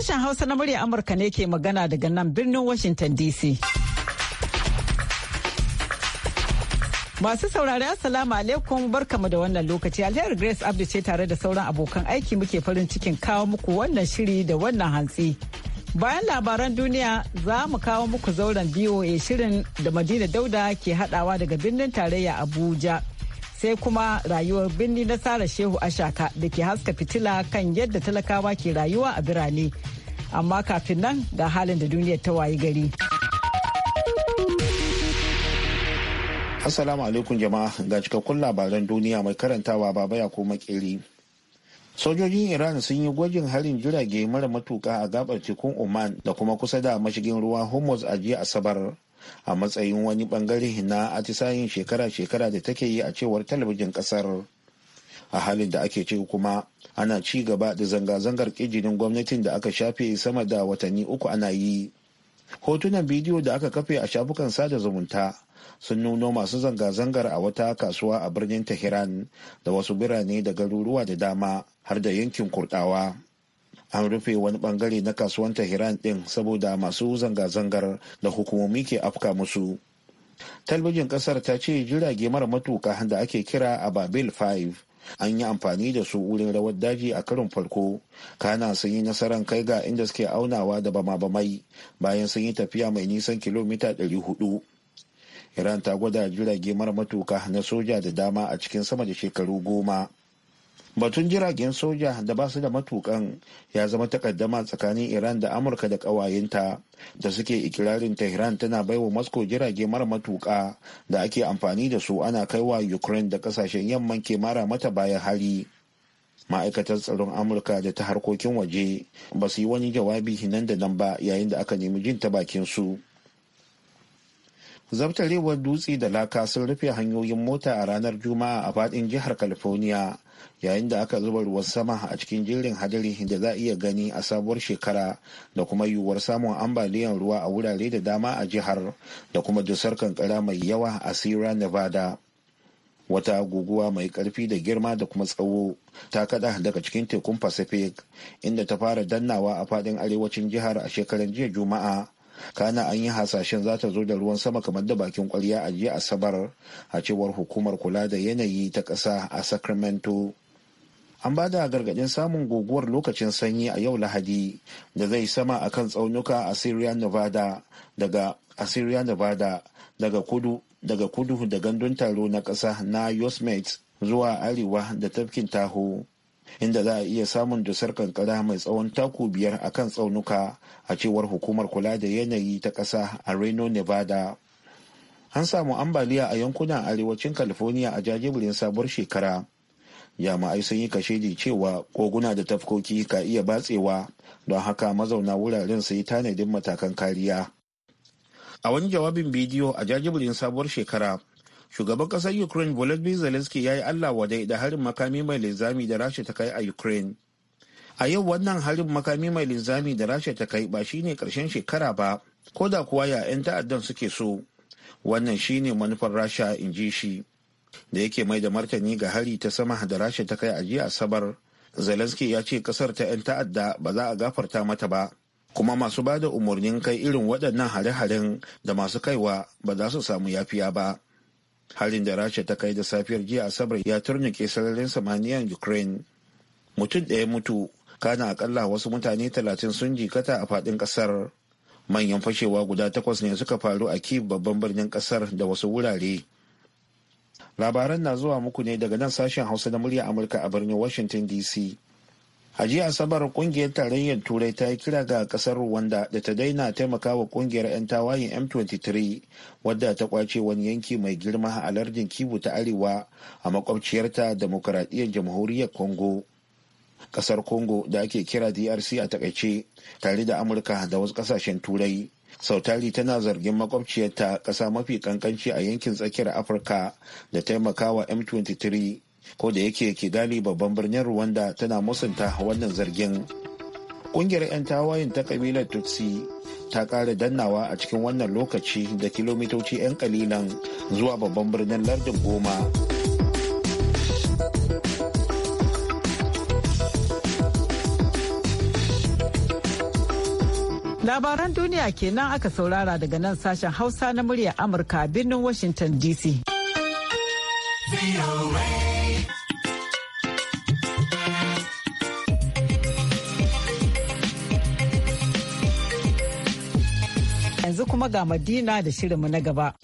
Sashen Hausa na murya Amurka ne ke magana daga nan birnin Washington DC. Masu saurari Assalamu alaikum barkamu da wannan lokaci alherin Grace abdu ce tare da sauran abokan aiki muke farin cikin kawo muku wannan shiri da wannan hantsi. Bayan labaran duniya za mu kawo muku zauren BOA shirin da Madina Dauda ke hadawa daga birnin tarayya Abuja. sai kuma rayuwar birni na Sara Shehu Ashaka da ke haska fitila kan yadda talakawa ke rayuwa a birane. Amma kafin nan ga halin da duniyar ta wayi gari. Assalamu alaikum jama'a ga cikakkun labaran duniya mai karantawa baba ya ko makeri. Sojojin Iran sun yi gwajin harin jirage mara matuka a gabar tekun Oman da kuma kusa da mashigin ruwan Hormuz a jiya Asabar. a matsayin wani bangare na atisayin shekara-shekara da take yi a cewar talabijin kasar a halin da ake ce kuma ana ci gaba da zanga-zangar ƙijinin gwamnatin da aka shafe sama da watanni uku ana yi hotunan bidiyo da aka kafe a shafukan sada zumunta sun nuno masu zanga-zangar a wata kasuwa a birnin tehran da wasu birane da garuruwa da dama har da yankin kurdawa an rufe wani bangare na kasuwan tehran din saboda masu zanga-zangar da hukumomi ke afka musu talbijin kasar ta ce jirage mara matuka da ake kira a babil 5 an yi amfani da su wurin rawar daji a karin farko kana sun yi nasarar kai ga inda suke aunawa da bama-bamai bayan sun yi tafiya mai nisan kilomita 400 iran ta gwada jirage mara matuka na soja da dama a cikin sama da shekaru goma batun jiragen soja da basu da matukan ya zama takaddama tsakanin iran da amurka da ƙawayenta da suke ikirarin tehran tana baiwa moscow jirage mara matuka da ake amfani da su ana kaiwa ukraine da kasashen yamman ke mara mata bayan hari ma'aikatar tsaron amurka da ta harkokin waje ba su yi wani jawabi nan da nan ba yayin da aka nemi jin ta bakin su zabtarewar dutse da laka sun rufe hanyoyin mota a ranar juma'a a fadin jihar california yayin da aka zuba ruwan sama a cikin jirgin hadari da za a iya gani a sabuwar shekara da kuma yiwuwar samun ambaliyan ruwa a wurare da dama a jihar da kuma dusar kankara mai yawa a sierra nevada wata guguwa mai karfi da girma da kuma tsawo ta kada daga cikin tekun pacific inda ta fara dannawa a fadin arewacin jihar a shekaran jiya juma'a kana an yi hasashen za ta zo da ruwan sama kamar da bakin kwarya a jiya asabar a cewar hukumar kula da yanayi ta ƙasa a sacramento an ba da gargaɗin samun guguwar lokacin sanyi a yau lahadi da zai sama a kan tsaunuka a syria nevada daga assyria nevada daga kudu daga kudu da gandun taro na ƙasa na yosemite zuwa arewa da tafkin taho inda za a iya samun dusar kankara mai tsawon taku biyar a kan tsaunuka a cewar hukumar kula da yanayi ta ƙasa a reno nevada an samu ambaliya a yankunan arewacin california a jajibirin sabuwar shekara jami'ai sun yi kashedi cewa koguna da tafkoki ka iya batsewa don haka mazauna wuraren su yi tanadin matakan kariya a wani jawabin bidiyo a jajibirin sabuwar shekara shugaban kasar ukraine volodymyr zelensky ya yi allah wadai da harin makami mai linzami da rasha ta kai a ukraine a yau wannan harin makami mai linzami da rasha ta kai ba shine karshen shekara ba ko da kuwa ya 'yan ta'addan suke so wannan shine manufar rasha in ji shi da yake mai da martani ga hari ta sama da rasha ta kai a jiya asabar zelensky ya ce kasar ta 'yan ta'adda ba za a gafarta mata ba kuma masu ba da umarnin kai irin waɗannan hare-haren da masu kaiwa ba za su samu yafiya ba halin da rasha ta kai da safiyar jiya asabar ya turnuke sararin a ukraine mutum ɗaya mutu kana akalla wasu mutane talatin sun jikata a faɗin ƙasar manyan fashewa guda takwas ne suka faru a kiev babban birnin ƙasar da wasu wurare labaran na zuwa muku ne daga nan sashen hausa na murya amurka a birnin washington dc a jiya asabar kungiyar tarayyar turai ta yi kira ga kasar rwanda da ta daina taimakawa kungiyar 'yan tawayin m23 wadda ta kwace wani yanki mai girma a lardin Kivu ta arewa a makwabciyarta demokaradiyyar jamhuriyar congo kasar congo da ake kira drc a takaice tare da amurka da wasu kasashen turai sautari tana zargin makwabciyarta ƙasa mafi kankanci a yankin tsakiyar afirka da taimakawa m23 ko da yake dali babban birnin rwanda tana musanta wannan zargin kungiyar 'yan tawayen ta kabilar tutsi ta ƙara dannawa a cikin wannan lokaci da kilomitoci 'yan kalilan zuwa babban birnin lardin goma labaran duniya kenan aka saurara daga nan sashen hausa na muryar amurka birnin washington dc kuma ga Madina da shirinmu na gaba.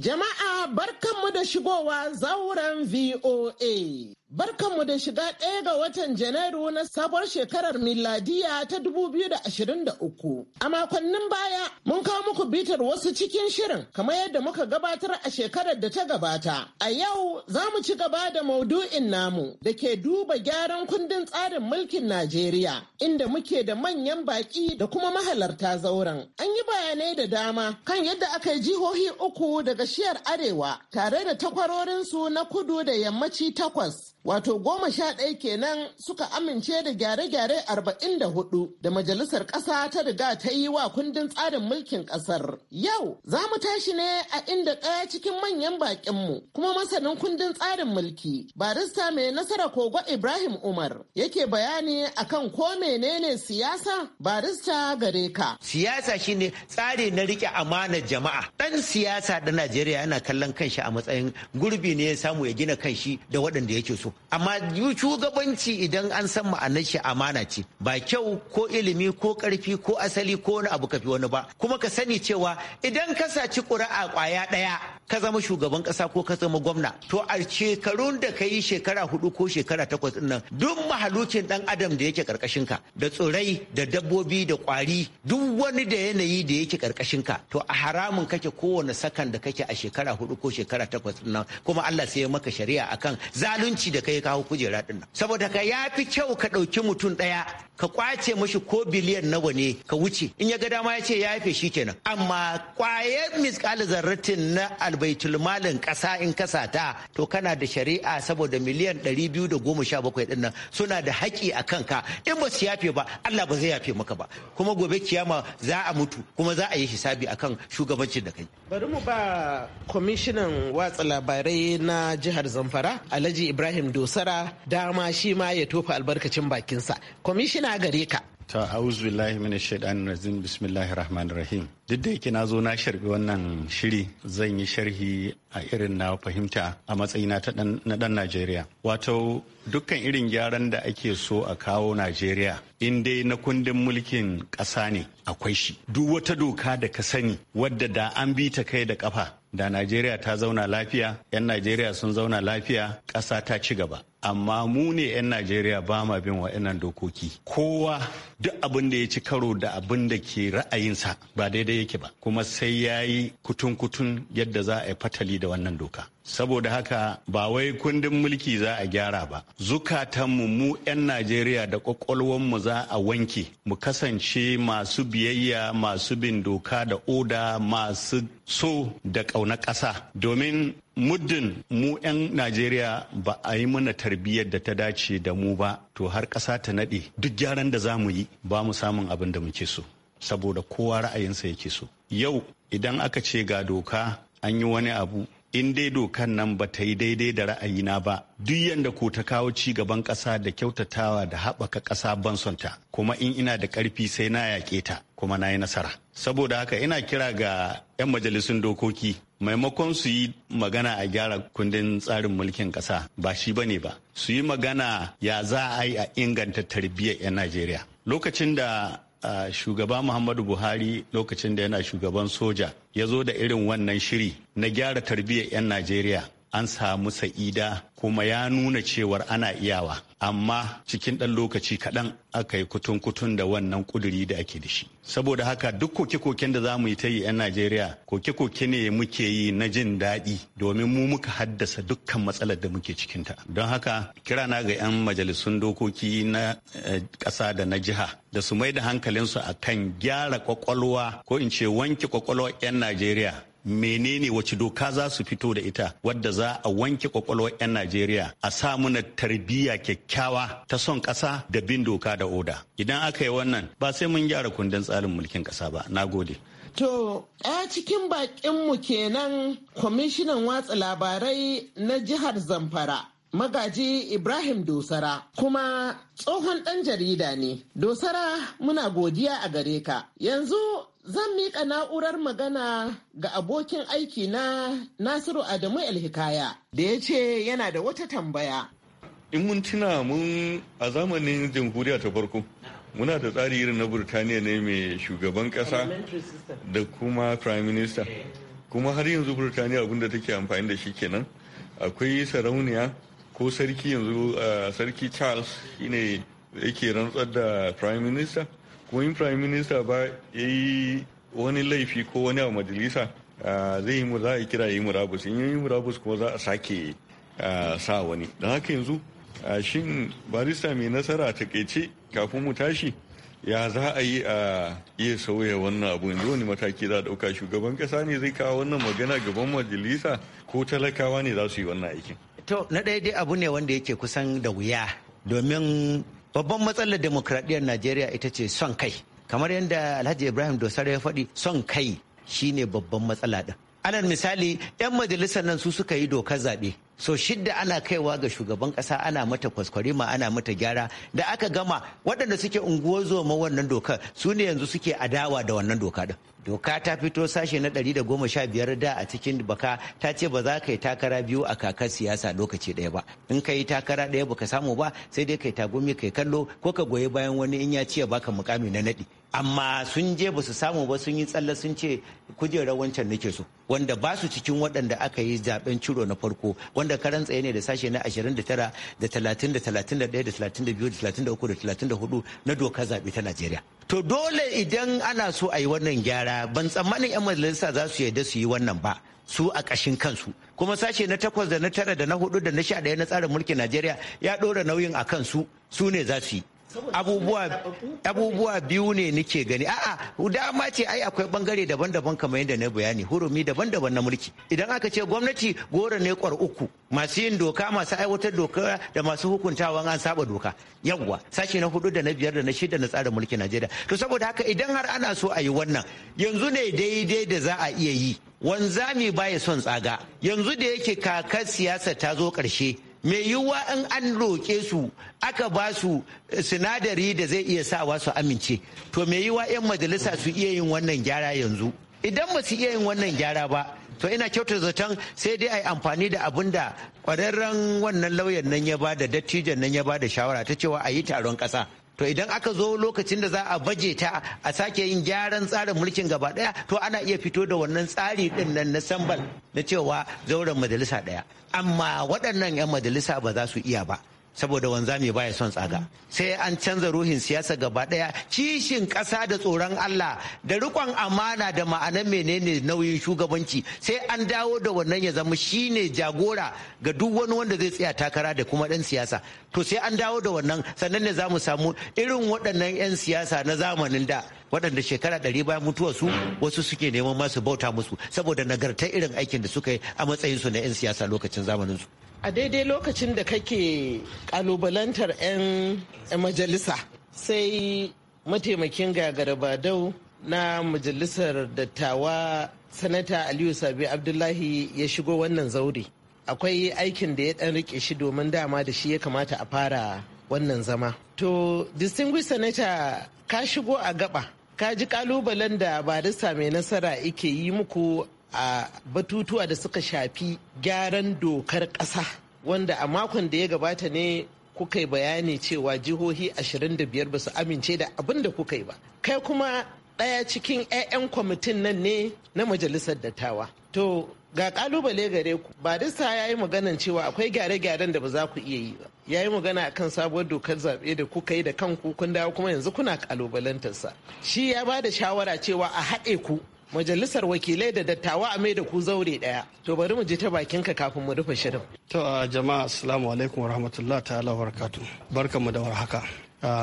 Jama'a barkanmu da shigowa zauren VOA. Barkanmu da shiga ɗaya ga watan Janairu na sabuwar shekarar miladiya ta 2023. A makonnin baya, mun kawo muku bitar wasu cikin shirin kamar yadda muka gabatar a shekarar da ta gabata. A yau za mu ci gaba da maudu'in namu da ke duba gyaran kundin tsarin mulkin Najeriya, inda muke da manyan baƙi da kuma mahalarta zauren. An yi bayanai da dama kan yadda aka yi jihohi uku daga shiyar Arewa tare da takwarorinsu na kudu da yammaci takwas. Wato goma sha ɗaya kenan suka amince da gyare-gyare arba'in da hudu da majalisar ƙasa ta riga ta yi wa kundin tsarin mulkin ƙasar. Yau za mu tashi ne a inda ɗaya cikin manyan baƙinmu kuma masanin kundin tsarin mulki barista mai nasara kogo Ibrahim Umar yake bayani akan ko menene siyasa barista gare ka. Siyasa shine tsari na riƙe amana jama'a. Ɗan siyasa da Najeriya yana kallon kanshi a matsayin gurbi ne ya samu ya gina kanshi da waɗanda yake so. mutu amma shugabanci idan an san ma'anar shi amana ce ba kyau ko ilimi ko karfi ko asali ko wani abu kafi wani ba kuma ka sani cewa idan ka saci ƙuri'a ƙwaya ɗaya ka zama shugaban kasa ko ka zama gwamna to a shekarun da ka yi shekara hudu ko shekara takwas din nan duk mahalucin dan adam da yake karkashin ka da tsirrai da dabbobi da kwari duk wani da yanayi da yake karkashin ka to a haramun kake kowane sakan da kake a shekara hudu ko shekara takwas din nan kuma Allah sai ya maka shari'a akan zalunci da kai kawo kujera din nan saboda ka yafi kyau ka ɗauki mutum daya ka kwace mashi ko biliyan nawa ne ka wuce in ya ga dama ya ce ya yafe shi kenan amma kwayar misƙal zarratin na al baitulmalin ƙasa in ta to kana da shari'a saboda miliyan 217 din nan suna da haƙi a kanka in ba su yafe ba Allah ba zai yafe maka ba kuma gobe kiyama za a mutu kuma za a yi hisabi akan shugabancin da kai bari mu ba kwamishinan watsa labarai na jihar Zamfara Alhaji Ibrahim Dosara dama shi ma ya tofa albarkacin bakinsa kwamishina gare ka ta auzu billahi bismillahir rahmanir rahim duk da yake na zo na sharbi wannan shiri zan yi sharhi a irin na fahimta a matsayina na dan Najeriya wato dukkan irin gyaran da ake so a kawo Najeriya in dai na kundin mulkin ƙasa ne akwai shi duk wata doka da ka sani wadda da an bi ta kai da kafa da Najeriya ta zauna lafiya 'yan Najeriya sun zauna lafiya ƙasa ta ci gaba amma mu ne 'yan najeriya ba ma bin wa'annan dokoki kowa duk abin da ya ci karo da abin da ke ra'ayinsa ba daidai yake ba kuma sai ya yi kutun-kutun yadda za a yi fatali da wannan doka saboda haka ba wai kundin mulki za a gyara ba zukatanmu mu 'yan najeriya da mu za a wanke mu kasance masu biyayya masu bin doka da oda masu so da ƙauna ƙasa domin muddin mu 'yan najeriya ba a yi mana tarbiyyar da ta dace da mu ba to har ƙasa ta naɗe duk gyaran da za mu yi ba mu samun abin da muke so saboda kowa ra'ayinsa yake so yau idan aka ce ga doka an yi wani abu in dai dokan nan ba ta yi daidai da ra'ayina ba duk yadda ko ta kawo ci gaban ƙasa da kyautatawa da haɓaka ƙasa ban sonta kuma in ina da ƙarfi sai na yaƙe ta kuma na yi nasara saboda haka ina kira ga 'yan majalisun dokoki maimakon su yi magana a gyara kundin tsarin mulkin ƙasa ba shi ba ne ba su yi magana ya za a yi a inganta tarbiyyar 'yan najeriya lokacin da a shugaba muhammadu buhari lokacin da yana shugaban soja ya zo da irin wannan shiri na gyara tarbiyyar 'yan najeriya an samu sa'ida kuma ya nuna cewar ana iyawa amma cikin ɗan lokaci kaɗan aka yi kutun-kutun da wannan ƙuduri da ake da shi saboda haka duk koke-koken da za mu yi ta yi 'yan najeriya koke-koke ne muke yi na jin daɗi domin mu muka haddasa dukkan matsalar da muke cikinta don haka kirana ga 'yan majalisun dokoki na eh, ƙasa da na jiha da su mai da hankalinsu a kan gyara kwakwalwa ko in ce wanke kwakwalwar 'yan najeriya menene wace doka za su fito da ita wadda za a wanke kwakwalwar 'yan najeriya a sa na tarbiyya kyakkyawa ta son ƙasa da bin doka da oda idan aka yi wannan ba sai mun gyara kundin tsarin mulkin ƙasa ba na gode To, a cikin bakinmu kenan kwamishinan watsa labarai na jihar Zamfara. Magaji Ibrahim Dosara kuma tsohon ɗan jarida ne. Dosara muna godiya a gare ka. Yanzu Zan miƙa na'urar magana ga abokin aiki na Nasiru Adamu Elhikaya da ya ce yana da wata tambaya. In mun tuna mun a zamanin jamhuriya ta farko, muna da tsari irin na Burtaniya ne mai shugaban ƙasa da kuma Prime Minister. Eh. Kuma har yanzu Burtaniya abinda take amfani da shi kenan. Akwai sarauniya ko sarki yanzu eh, sarki Charles shine yake rantsar da Prime Minister. ko in prime minister ba ya yi wani laifi ko wani a majalisa zai yi za a kira yi murabus in yi murabus kuma za a sake sa wani don haka yanzu shin barista mai nasara a takaice kafin mu tashi ya za a yi a iya sauya wannan abu yanzu wani mataki za a ɗauka shugaban kasa ne zai kawo wannan magana gaban majalisa ko talakawa ne za su yi wannan aikin to na daidai abu ne wanda yake kusan da wuya domin babban matsalar demokradiyyar najeriya ita ce son kai kamar yadda alhaji ibrahim dosare ya faɗi son kai shine babban matsala ɗin alal misali 'yan majalisar nan su suka yi dokar zaɓe so shidda ana kaiwa ga shugaban ƙasa ana mata kwaskwarima ana mata gyara da aka gama waɗanda suke unguwar zoma wannan dokar su ne yanzu suke adawa da wannan doka ɗin doka ta fito sashe na 115 da a cikin baka ta ce ba za ka yi takara biyu a kakar siyasa lokaci ɗaya ba in ka yi takara ɗaya ka samu ba sai dai ka kai tagumi kai kallo ko ka goyi bayan wani in ya ciye baka mukami na naɗi amma sun je ba su samu ba sun yi tsalle sun ce kujerar wancan nake so wanda ba su cikin waɗanda aka yi zaben ciro na farko wanda karan tsaye ne da sashe na 29 da 30 da 31 da 32 da 33 da 34 na dokar zaɓe ta Najeriya to dole idan ana so a yi wannan gyara yara ban tsammanin 'yan majalisa za su yarda su yi wannan ba su a ƙashin kansu kuma sashe na takwas da na tara da na hudu da na sha daya na tsarin mulkin najeriya ya ɗora nauyin a kansu su ne za su yi abubuwa biyu ne nake gani a'a dama ce ai akwai bangare daban-daban kamar yadda na bayani hurumi daban-daban na mulki idan aka ce gwamnati goro ne kwar uku masu yin doka masu aiwatar doka da masu hukuntawa an saba doka yawwa sashi na hudu da na biyar da na shida na tsarin mulki najeriya to saboda haka idan har ana so a yi wannan yanzu ne daidai da za a iya yi wanzami baya son tsaga yanzu da yake kakar siyasa ta zo karshe. mai yiwuwa in an roƙe su aka ba su eh, sinadari da zai iya sawa su amince to mai yiwuwa 'yan majalisa su iya yin wannan gyara yanzu idan ba su iya yin wannan gyara ba to ina kyautar zaton sai dai a yi amfani da abin da kwararren wannan lauyan nan ya ba da dattijan nan ya ba da shawara ta cewa a yi taron ƙasa to idan aka zo lokacin da za a baje ta a sake yin gyaran tsarin mulkin gaba daya to ana iya fito da wannan tsari din nan na sambal na cewa zauren majalisa daya amma waɗannan 'yan majalisa ba za su iya ba saboda wanzami baya son tsaga sai an canza ruhin siyasa gaba daya kishin ƙasa da tsoron Allah da rikon amana da ma'anar menene nauyin shugabanci sai an dawo da wannan ya zama shine jagora ga duk wani wanda zai tsaya takara da kuma ɗan siyasa to sai an dawo da wannan sannan ne za mu samu irin waɗannan 'yan siyasa na zamanin da waɗanda shekara ɗari bayan mutuwa su wasu suke neman masu bauta musu saboda nagarta irin aikin da suka yi a matsayinsu na 'yan siyasa lokacin zamanin a daidai lokacin da kake kalubalantar 'yan majalisa sai mataimakin gagarabadau na majalisar dattawa sanata aliyu sabi abdullahi ya shigo wannan zaure akwai aikin da ya dan rike shi domin dama da shi ya kamata a fara wannan zama to distinguished senator ka shigo a gaba ka ji kalubalen da barista mai nasara ike yi muku a batutuwa da suka shafi gyaran dokar ƙasa wanda a makon da ya gabata ne kuka yi bayani cewa jihohi 25 ba su amince da abin da kuka yi ba kai kuma ɗaya cikin 'ya'yan kwamitin nan ne na majalisar dattawa to ga kalubale gare ku ba dista ya yi maganan cewa akwai gyare-gyaren da ba za ku iya yi ba ya yi magana akan sabuwar dokar zaɓe da kuka yi da kanku kun dawo kuma yanzu kuna kalubalantarsa shi ya ba da shawara cewa a haɗe ku majalisar wakilai da dattawa a mai da ku zaure ɗaya to bari mu je ta bakin ka kafin mu rufe shirin to jama'a assalamu alaikum warahmatullahi ta'ala barakatuh barkamu da warhaka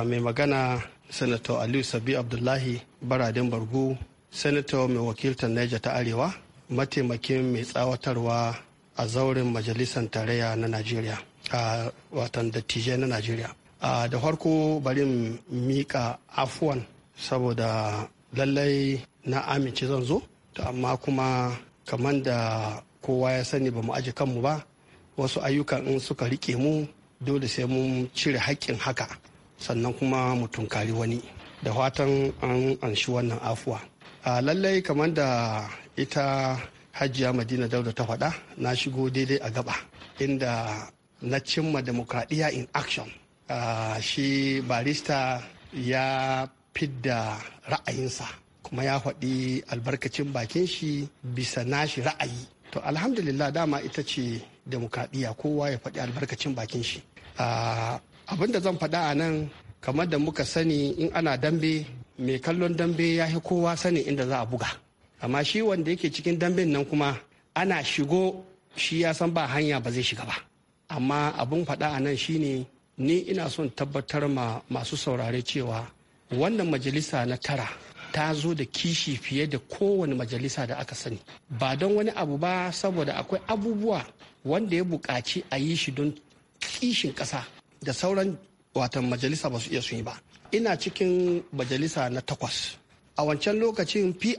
mai magana senator aliyu sabi abdullahi baradin bargu senator mai wakiltar niger ta arewa mataimakin mai tsawatarwa a zauren majalisar tarayya na najeriya a watan dattijai na najeriya da farko bari mika afuwan saboda lallai na amince zan zo amma kuma kamar da kowa ya sani ba mu aji kanmu ba wasu ayyukan in suka rike mu dole sai mun cire haƙƙin haka sannan kuma mu tunkari wani da fatan an anshi wannan afuwa a lallai kamar da ita hajiya madina dauda ta faɗa na shigo daidai a gaba inda na cimma demokradiyya in action uh, shi barista ya fidda ra'ayinsa kuma ya faɗi albarkacin bakin shi bisa nashi ra'ayi to alhamdulillah dama ita ce demokradiyya kowa ya faɗi albarkacin bakin shi uh, abin da zan faɗa a nan kamar da muka sani in ana dambe mai kallon dambe ya kowa sani inda za a buga amma shi wanda yake cikin damben nan kuma ana shigo shi ya san ba hanya ba zai shiga ba amma abun faɗa a nan shine ni ina son tabbatar ma masu saurare cewa wannan majalisa na tara ta zo da kishi fiye da kowane majalisa da aka sani ba don wani abu ba saboda akwai abubuwa wanda ya buƙaci a yi shi don kishin ƙasa da sauran watan majalisa ba su iya sun yi ba ina cikin majalisa na takwas a wancan lokacin pib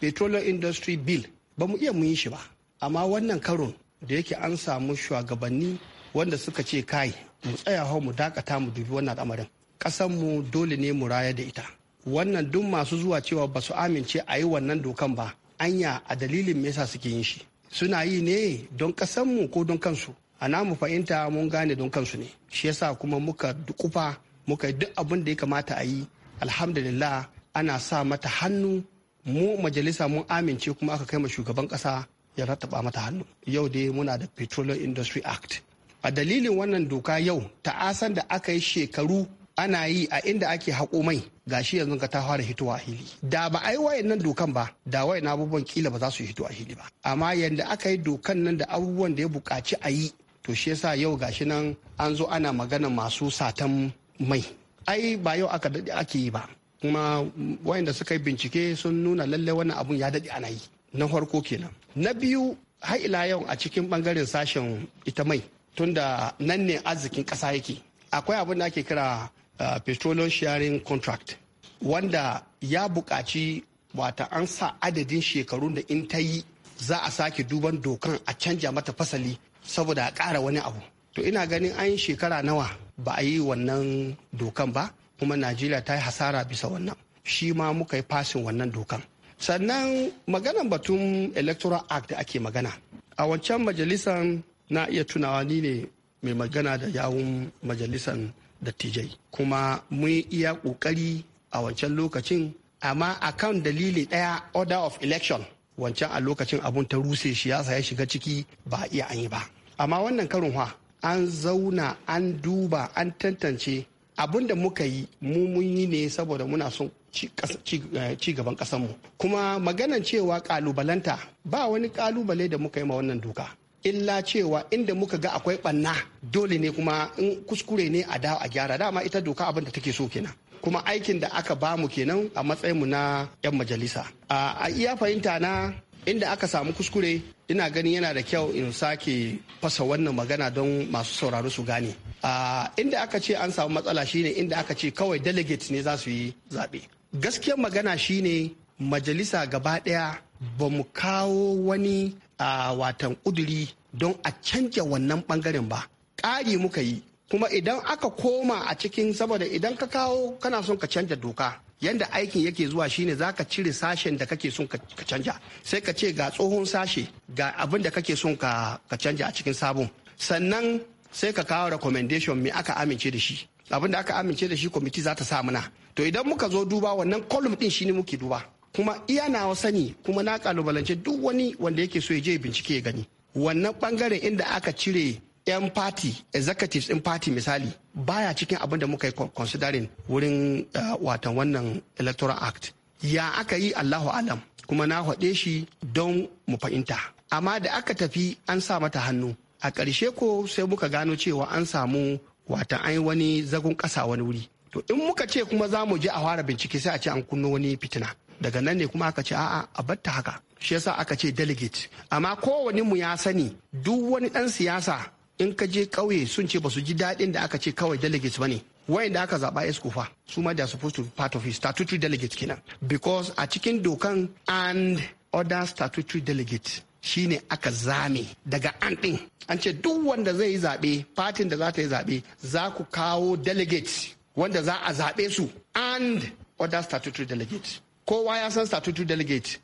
petroleum industry bill ba mu iya yi shi ba amma wannan karon da yake an samu shugabanni wanda suka ce kai mu tsaya hau mu dakata mu dubi wannan al'amarin ƙasan mu dole ne mu raya da ita wannan duk masu zuwa cewa ba su amince a yi wannan dokan ba anya a dalilin me yasa suke yin shi suna yi ne don ƙasan mu ko don kansu a namu fahimta mun gane don kansu ne shi yasa kuma muka dukufa muka duk abin da ya kamata a yi alhamdulillah ana sa mata hannu mu majalisa mun amince kuma aka kai ma shugaban kasa ya rattaba mata hannu yau dai muna da petroleum industry act a dalilin wannan doka yau ta asan da aka yi shekaru ana yi a inda ake haƙo mai gashi yanzu ka ta fara hitowa a hili da ba a yi wayan nan dokan ba da wayan abubuwan kila ba za su hito a hili ba amma yadda aka yi dokan nan da abubuwan da ya buƙaci a yi to shi yasa yau gashi nan an zo ana magana masu satan mai ai ba yau aka daɗe ake yi ba kuma wayanda suka yi bincike sun nuna lallai wannan abun ya daɗe ana yi na farko kenan na biyu har ila yau a cikin bangaren sashen ita mai tunda nan ne arzikin ƙasa yake akwai abin da ake kira eh, petroleum sharing contract wanda ya buƙaci wata an sa adadin shekarun da in ta yi za a sake duban dokan a canja mata fasali saboda a ƙara wani abu to ina ganin an shekara nawa ba a yi wannan dokan ba kuma najeriya ta yi hasara bisa wannan shi ma muka yi fasin wannan dokan sannan maganan batun electoral act da ake magana a wancan majalisan na iya tunawa ni ne mai magana da yawun majalisan dattijai kuma mun iya kokari a wancan lokacin amma a kan dalili daya order of election wancan a lokacin abun ta ruse shi ya shiga ciki ba iya an yi ba amma wannan karin an zauna an duba an tantance abin da muka yi mu mun yi ne saboda muna son ci eh, gaban mu kuma maganan cewa kalubalanta ba wani kalubale da muka yi ma wannan doka illa cewa inda muka ga akwai banna dole ne kuma in kuskure ne a da a gyara dama ita doka abin da take so kenan kuma aikin da aka bamu kenan a matsayin mu na 'yan majalisa a iya fahimta na inda aka samu kuskure ina gani yana da kyau in sake fasa wannan magana don masu sauraro su gane inda aka ce an samu matsala shine inda aka ce kawai delegate ne za su yi zaɓe gaskiyar magana shine majalisa gaba ɗaya ba mu kawo wani a watan kuduri don a canja wannan ɓangaren ba ƙari muka yi kuma idan aka koma a cikin saboda idan ka kawo kana son ka canja doka yanda aikin yake zuwa shine zaka cire sashen da kake son ka canja sai ka ce ga tsohon sashe ga abin da kake son ka canja a cikin sabon sannan sai ka kawo recommendation me aka amince da shi abin da aka amince da shi kwamiti za ta sa mana to idan muka zo duba wannan kolum din shine muke duba kuma iya nawa sani kuma na kalubalance duk wani wanda yake so ya je bincike ya gani wannan bangaren inda aka cire 'yan party executives in party misali baya cikin abin da muka yi considering wurin eh, watan wannan electoral act ya aka yi allahu alam kuma na haɗe shi don mu fahimta amma da aka tafi an sa mata hannu a ƙarshe ko sai muka gano cewa an samu watan an yi wani zagon ƙasa wani wuri to in muka ce kuma za mu je a fara bincike sai a ce an kunno wani fitina daga nan ne kuma aka ce a'a a batta haka shi yasa aka ce delegate amma kowane mu ya sani duk wani ɗan siyasa in ka je ƙauye sun ce ba su ji daɗin da aka ce kawai delegates ba ne wayanda aka zaba escofa su ma da supposed to be part of his statutory delegates kenan because a cikin dokan and other statutory delegates shine aka zame daga an ɗin an ce duk wanda zai yi zaɓe fatin da za ta yi zaɓe za ku kawo delegates wanda za a zaɓe su and other statutory delegates kowa ya san statutory delegates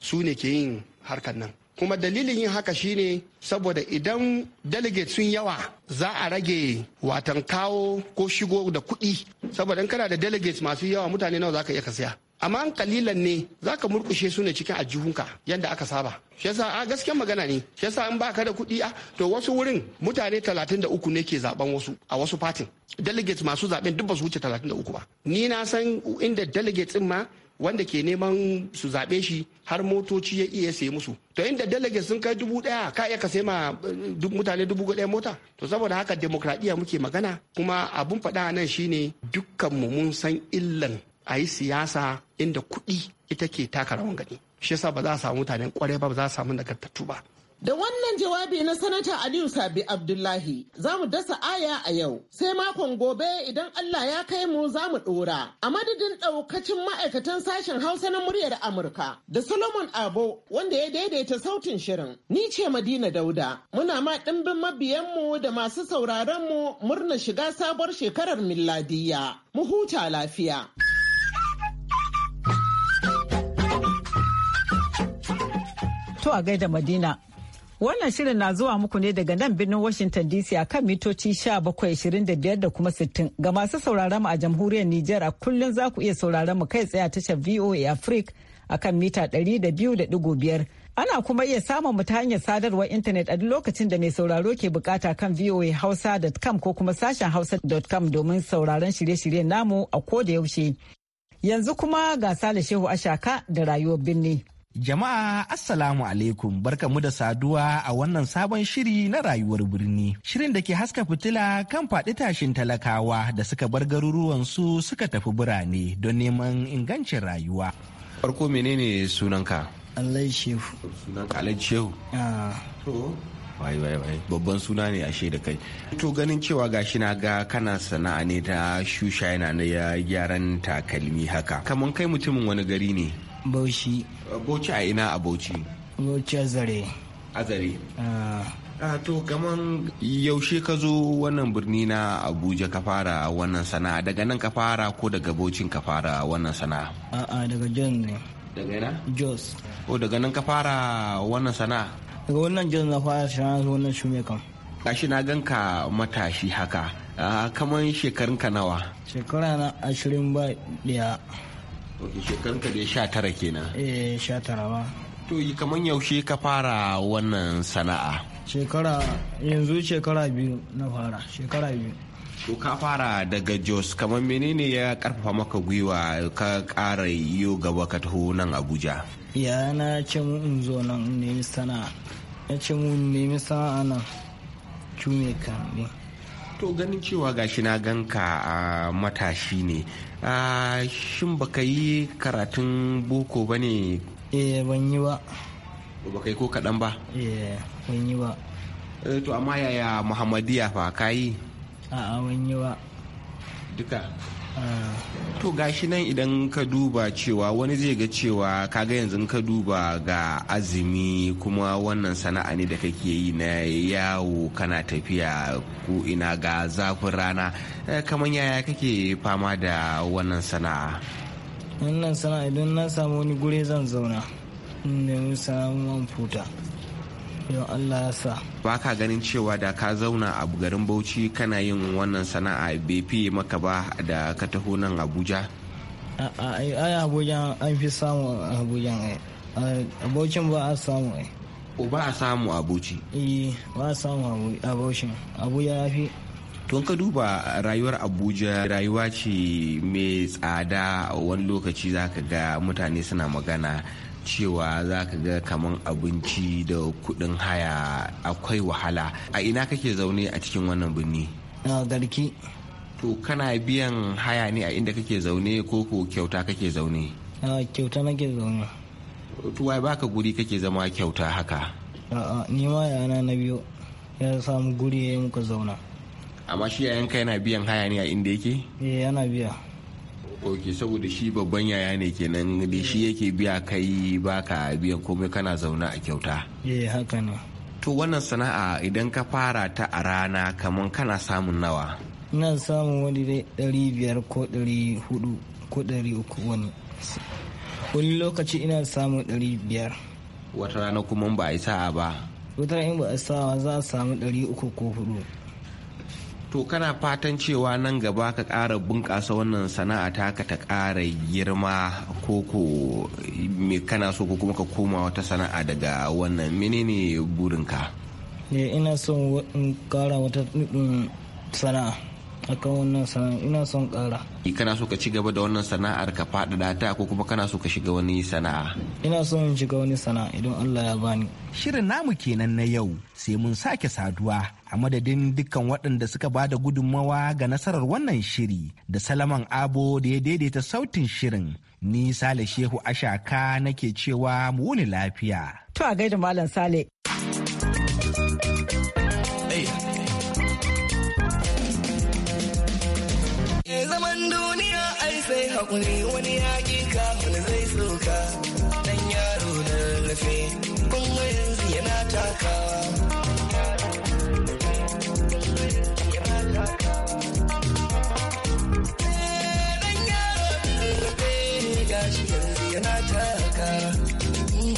su ne ke yin harkar nan kuma dalilin yin haka shine saboda idan delegate sun yawa za a rage watan kawo ko shigo da kuɗi saboda in kana da delegates masu yawa mutane nawa za ka iya ka siya amma an kalilan ne za ka murkushe su ne cikin ajihunka yadda aka saba shi yasa a gaskiyar magana ne shi yasa in baka da kuɗi a to wasu wurin mutane 33 ne ke zaben wasu a wasu fatin delegates masu zaben duk ba su wuce 33 ba ni na san inda delegates in ma wanda ke neman su zaɓe shi har motoci ya iya sai musu to inda delegates sun kai dubu ɗaya ka iya ka sai ma eh, mutane dubu ɗaya mota to saboda haka demokradiyya muke magana kuma abun faɗa nan shine dukkanmu mun san illan a yi siyasa inda kuɗi ita ke taka rawan gani shi yasa ba za a samu mutanen kwarai ba ba za a samu nagartattu ba Da wannan jawabi na Sanata Aliyu Sabi Abdullahi za mu dasa aya a yau sai makon gobe idan Allah ya kai mu za mu ɗora. A madadin ɗaukacin ma'aikatan sashen Hausa na muryar Amurka da Solomon Abo wanda ya daidaita sautin shirin. Ni ce Madina Dauda muna ma ɗimbin mabiyanmu da masu sauraronmu murna shiga sabuwar shekarar milladiyya. Mu huta lafiya. To a gaida Madina. Wannan shirin na zuwa muku ne daga nan birnin Washington DC a kan mitoci 1725 da kuma 60. Ga masu sauraron a jamhuriyar Nijar a kullum za ku iya sauraron mu kai tsaye a tashar VOA Africa a kan mita 200.5. Ana kuma iya samun mu ta hanyar sadarwar intanet a duk lokacin da mai sauraro ke bukata kan VOA Hausa.com ko kuma sashen hausa.com domin sauraron shirye-shiryen namu a ko da yaushe. Yanzu kuma ga Sale Shehu Ashaka da rayuwar birni. Jama'a Assalamu alaikum barkamu da saduwa a wannan sabon shiri na rayuwar birni. Shirin da ke haska fitila kan faɗi tashin talakawa da suka bar garuruwansu suka tafi birane don neman ingancin rayuwa. Farko menene sunanka? Allai Shehu. Sunanka Allai Shehu? Ah. To, wai wai babban suna ne ashe da kai. To ganin cewa ga shi na ga kana sana'a ne ta shusha yana na gyaran takalmi haka. Kaman kai mutumin wani gari ne? Bauchi. Bauchi a ina a Bauchi? Bauchi a zare. A zare. A to kaman yaushe ka zo wannan birni na Abuja ka fara wannan sana'a daga nan ka fara ko daga Bauchin ka fara wannan sana'a? A'a daga Jos ne. Daga ina? Jos. ko daga nan ka fara wannan sana'a? Daga wannan Jos na fara sana'a wannan shume kan. Gashi na gan ka matashi haka. Kaman shekarun ka nawa? Shekara na ashirin ba ɗaya. ok shekarun ka dai sha tara kenan eh sha tara ba to yi kamar yaushe ka fara wannan sana'a shekara yanzu shekara biyu na fara shekara biyu To ka fara daga Jos kamar menene ya karfafa maka gwiwa ka kara yiwo gaba ka taho nan Abuja? Ya na ce mu in zo nan nemi sana'a. Ya ce mu nemi sana'a nan. Cume kan ne. to ganin cewa gashi na ganka a matashi ne shin baka yi karatun boko ba ne eh ban yi ba ba yi ko kaɗan ba eh ban yi ba eh, to amma yaya muhammadiya fa ka yi a'a ban yi ba duka to gashi nan idan ka duba cewa wani zai ga cewa kaga yanzu ka duba ga azumi kuma wannan sana'a ne da kake yi na yawo kana tafiya ko ina ga zafin rana eh, kamar yaya kake fama da wannan sana'a wannan sana'a idan na samu wani gure zan zauna ne samu samun futa yau Allah ya sa. Ba ka ganin cewa da ka zauna a garin Bauchi kana yin wannan sana'a bai fiye maka ba da ka taho nan Abuja? Ai Abuja an fi samu Abuja bauchin ba a samu ai. Ba a samu Abuji. Eh, ba a samu Abocin Abuja ya fi. Tun ka duba rayuwar Abuja rayuwa ce mai tsada wani lokaci za ka ga mutane suna magana cewa za ka ga kaman abinci da kuɗin haya akwai wahala a ina kake zaune a cikin wannan birni garki to kana biyan haya ne a inda kake zaune ko ko kyauta kake zaune kyauta nake zaune To, wai baka guri kake zama kyauta haka a'a ni ma yana na biyo ya samu guri ya yi muka zauna amma shi yayan ka yana biyan haya ne a inda yake eh yana biya ok saboda shi babban yaya ne kenan da shi yake biya kai baka biyan komai kana zaune a kyauta eh haka ne to wannan sana'a idan ka fara ta a rana kamar kana samun nawa ina samun wani dai ɗari biyar ko ɗari hudu ko ɗari uku wani wani lokaci ina samun ɗari biyar wata rana kuma ba a yi sa'a ba wata rana in ba a sa'a za a samu ɗari uku ko hudu to kana fatan cewa nan gaba ka ƙara bunƙasa wannan sana'a taka ta ƙara girma ko ko me kana so ko kuma ka koma wata sana'a daga wannan menene burinka ne eh, ina son in ƙara wata mm, sana'a akan wannan sana'a ina son ƙara eh, kana so ka ci gaba da wannan sana'ar ka faɗaɗa ta ko kuma kana so ka shiga wani sana'a ina son in shiga wani sana'a idan Allah ya bani shirin namu kenan na yau sai mun sake saduwa a madadin dukkan waɗanda suka ba da gudunmawa ga nasarar wannan shiri da salaman abo da ya daidaita sautin shirin ni sale shehu ashaka nake cewa mu wuni lafiya to a gaida malam sale zaman duniya ai sai hakuri wani yaƙi kafin zai tsoka dan yaro da rafe kuma yanzu yana takawa ta taka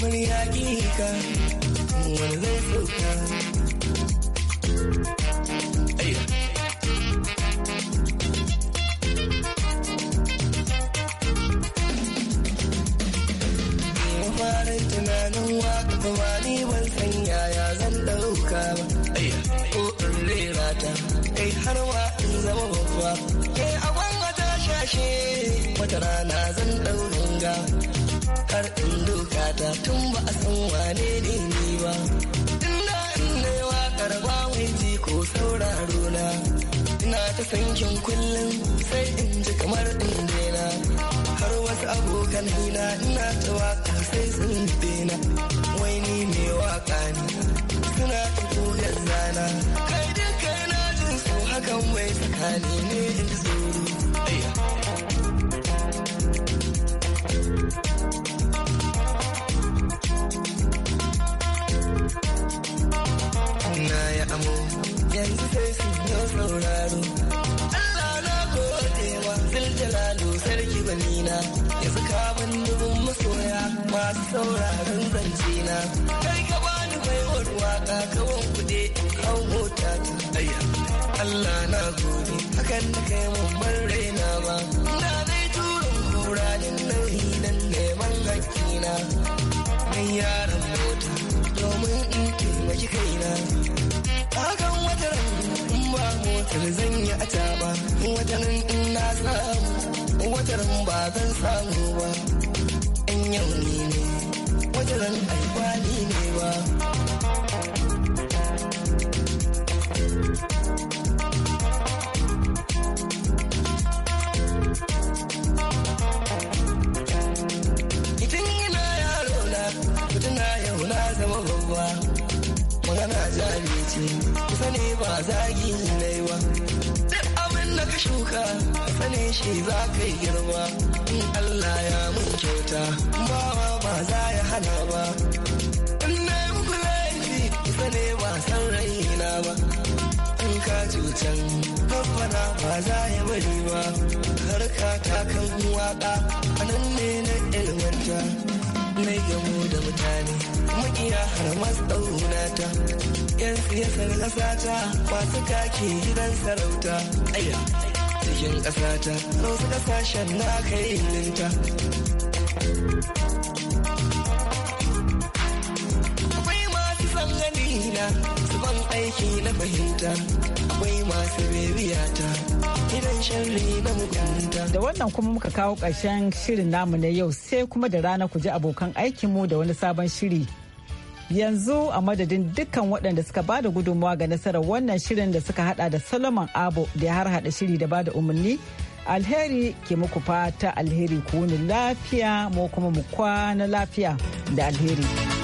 wani ya ka wani zai soka farin tunanin waka kuma ni ban san yaya zan dauka ko in rera ta kai har ma in zama babba kai a gwangwata shashe wata rana zan dauringa Kar in doka ta tun ba a san wane ne ni ba din da in ne wa wakar ba mai ji ko sauraro na ina ta sankin kullum sai in ji kamar in daina har wasu abokan hina ina ta waka sai sun daina wai ni mai waka ne suna ta koyar zana kai duka na jin su hakan wai tsakani ne in sauraro. Allah na gode wa ziljalalu sarki banina yanzu ka ban dubin masoya masu sauraron zance na. Kai ka bani baiwar waka kawon kuɗe in hau mota ta aya. Allah na gode hakan da kai mun raina ma. Na zai turin kura din nauyi dan neman hakkina. Mai yaran mota domin Wajen zan yi a ba zan samu ba in yau ne ne watanin aikwani shi za ka yi girma in Allah ya mun kyauta bawa ba za ya hana ba in na yi muku laifi ne ba san raina ba in ka cutan babbana ba za ya bari ba har ka takan waka a nan ne na ilmanta na gamo da mutane makiya har matsauna ta yan siyasar ƙasa ta masu kake gidan sarauta cikin ƙasata rozu ƙasashen na yi ninta akwai masu zangani na ban aiki na fahimta akwai masu bebiyata idan na da wannan kuma muka kawo ƙarshen shirin namu na yau sai kuma da rana ku ji abokan aikinmu da wani sabon shiri yanzu a madadin dukkan waɗanda suka ba da gudunmawa ga nasarar wannan shirin da suka hada da solomon abu da ya harhaɗa shiri da ba da umarni alheri ke muku fata alheri ku wuni lafiya mu kuma mu kwana lafiya da alheri.